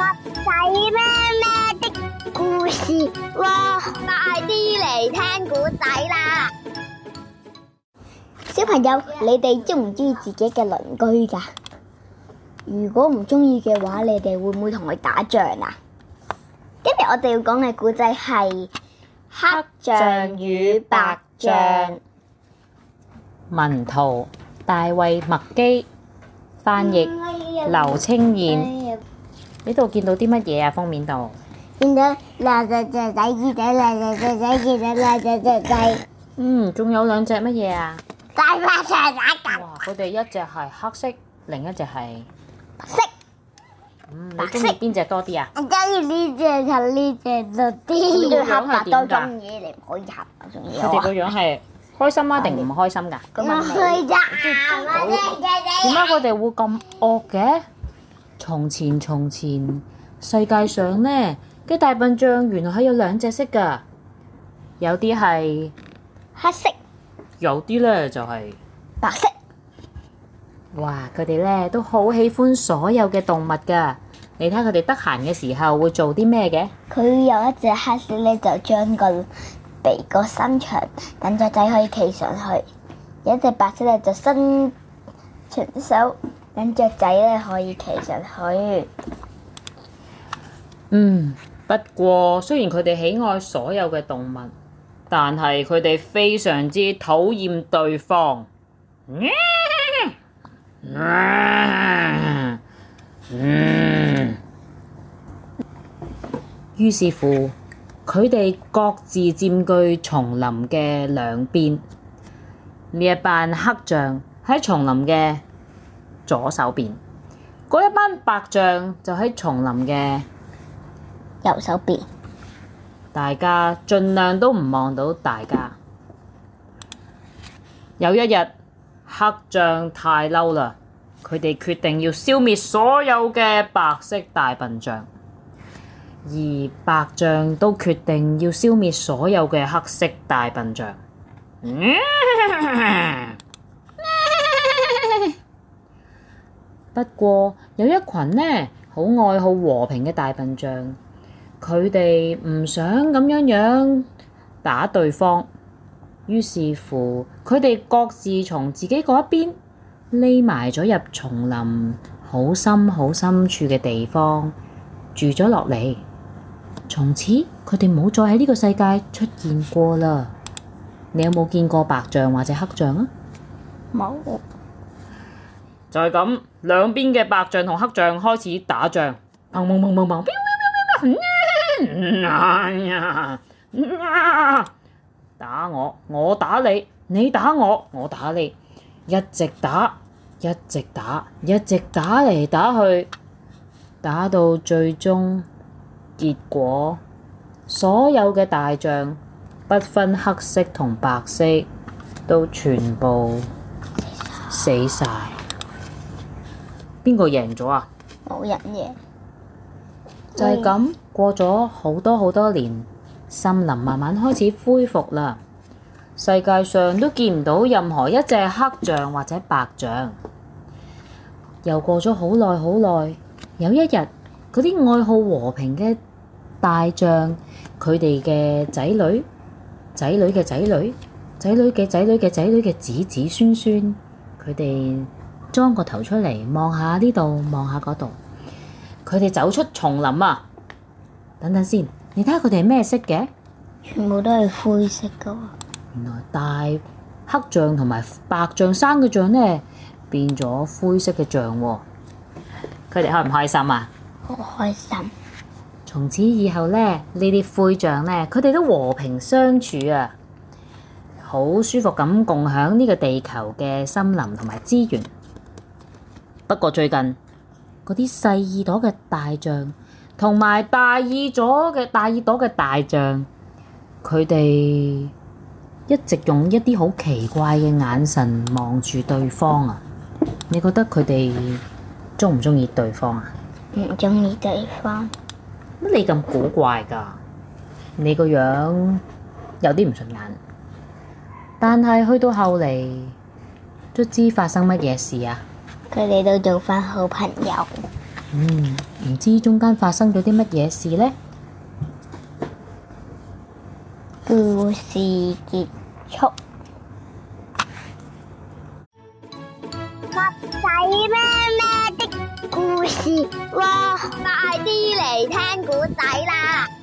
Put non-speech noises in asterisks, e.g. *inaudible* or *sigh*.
仔咩咩的故事，哇！快啲嚟聽古仔啦！小朋友，你哋中唔中意自己嘅鄰居噶？如果唔中意嘅話，你哋會唔會同佢打仗啊？今日我哋要講嘅古仔係黑象與白象。文圖：大衛麥基，翻譯：劉清彥。呢度見到啲乜嘢啊？封面度見到兩隻雀仔、耳仔兩隻雀仔、耳仔兩隻雀仔。嗯，仲有兩隻乜嘢啊？大花長頸鹿。哇！佢哋一隻係黑色，另一隻係白色。嗯，你中意邊隻多啲啊？我中意呢隻就呢隻多啲。佢哋個樣係開心啊，定唔開心㗎？佢哋會咁惡嘅？從前從前，世界上呢，嘅大笨象原來係有兩隻色㗎，有啲係黑色，有啲咧就係白色。哇！佢哋咧都好喜歡所有嘅動物㗎。你睇佢哋得閒嘅時候會做啲咩嘅？佢有一隻黑色咧，就將個鼻個伸長，等雀仔可以企上去；有一隻白色咧，就伸長隻手。等雀仔咧可以騎上佢。嗯，不過雖然佢哋喜愛所有嘅動物，但係佢哋非常之討厭對方。嗯，於是乎佢哋各自佔據叢林嘅兩邊。呢一班黑象喺叢林嘅左手邊嗰一班白象就喺叢林嘅右手邊，大家盡量都唔望到大家。有一日，黑象太嬲啦，佢哋決定要消滅所有嘅白色大笨象，而白象都決定要消滅所有嘅黑色大笨象。 *laughs* 不過有一群呢，好愛好和平嘅大笨象，佢哋唔想咁樣樣打對方，於是乎佢哋各自從自己嗰一邊匿埋咗入叢林好深好深處嘅地方住咗落嚟。從此佢哋冇再喺呢個世界出現過啦。你有冇見過白象或者黑象啊？冇有，就係咁。兩邊嘅白象同黑象開始打仗，打我，我打你，你打我，我打你，一直打，一直打，一直打嚟打去，打到最終結果，所有嘅大象不分黑色同白色，都全部死晒。邊個贏咗啊？冇人贏，就係咁過咗好多好多年，森林慢慢開始恢復啦。世界上都見唔到任何一隻黑象或者白象。又過咗好耐好耐，有一日，嗰啲愛好和平嘅大象，佢哋嘅仔女，仔女嘅仔女，仔女嘅仔女嘅仔女嘅子子孫孫，佢哋。裝個頭出嚟，望下呢度，望下嗰度。佢哋走出叢林啊！等等先，你睇下佢哋係咩色嘅？全部都係灰色㗎喎。原來大黑象同埋白象生嘅象呢，變咗灰色嘅象喎。佢哋開唔開心啊？好開心！從此以後呢，呢啲灰象呢，佢哋都和平相處啊，好舒服咁共享呢個地球嘅森林同埋資源。不過最近嗰啲細耳朵嘅大象，同埋大耳朵嘅大耳朵嘅大象，佢哋一直用一啲好奇怪嘅眼神望住對方啊！你覺得佢哋鍾唔鍾意對方啊？唔鍾意對方乜、嗯？你咁古怪㗎！你個樣有啲唔順眼，但係去到後嚟，卒之發生乜嘢事啊？佢哋都做返好朋友。嗯，唔知中間發生咗啲乜嘢事呢？故事結束。襪仔咩咩的故事喎？快啲嚟聽故仔啦！